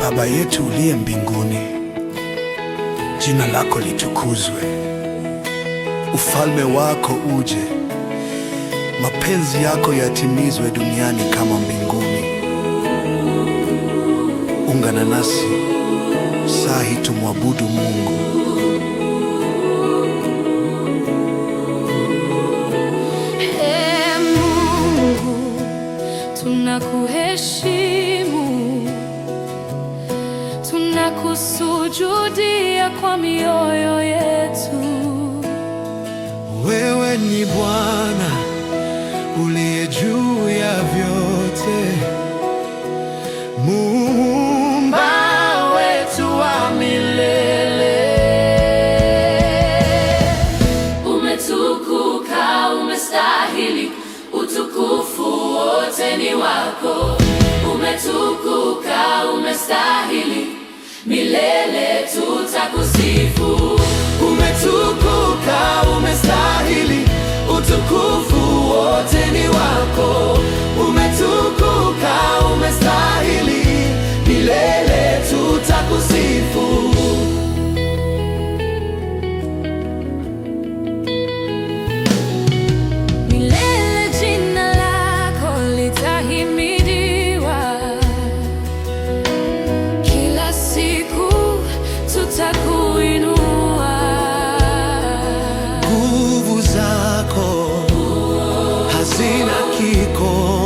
Baba yetu uliye mbinguni, jina lako litukuzwe, ufalme wako uje, mapenzi yako yatimizwe duniani kama mbinguni. Ungana nasi saa hii tumwabudu Mungu. Hey, ee Mungu tunakuhe kuheshimu, tunakusujudia kwa mioyo yetu. Wewe ni Bwana uliye juu ya vyote, muumba wetu wa milele. Umetukuka, umestahili utukufu wote ni wako. Tukuka, umestahili milele, tutakusifu. Umetukuka, umestahili utukufu, wote ni wako. ¡Oh!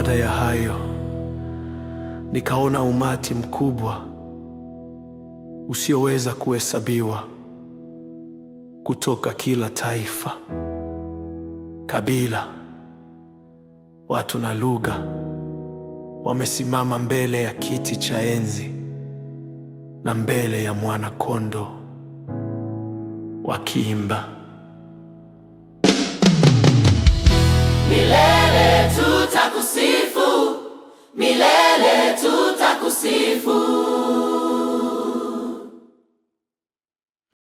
Baada ya hayo, nikaona umati mkubwa usioweza kuhesabiwa kutoka kila taifa, kabila, watu na lugha, wamesimama mbele ya kiti cha enzi na mbele ya mwana-kondoo wakiimba Mile tutakusifu milele, tutakusifu.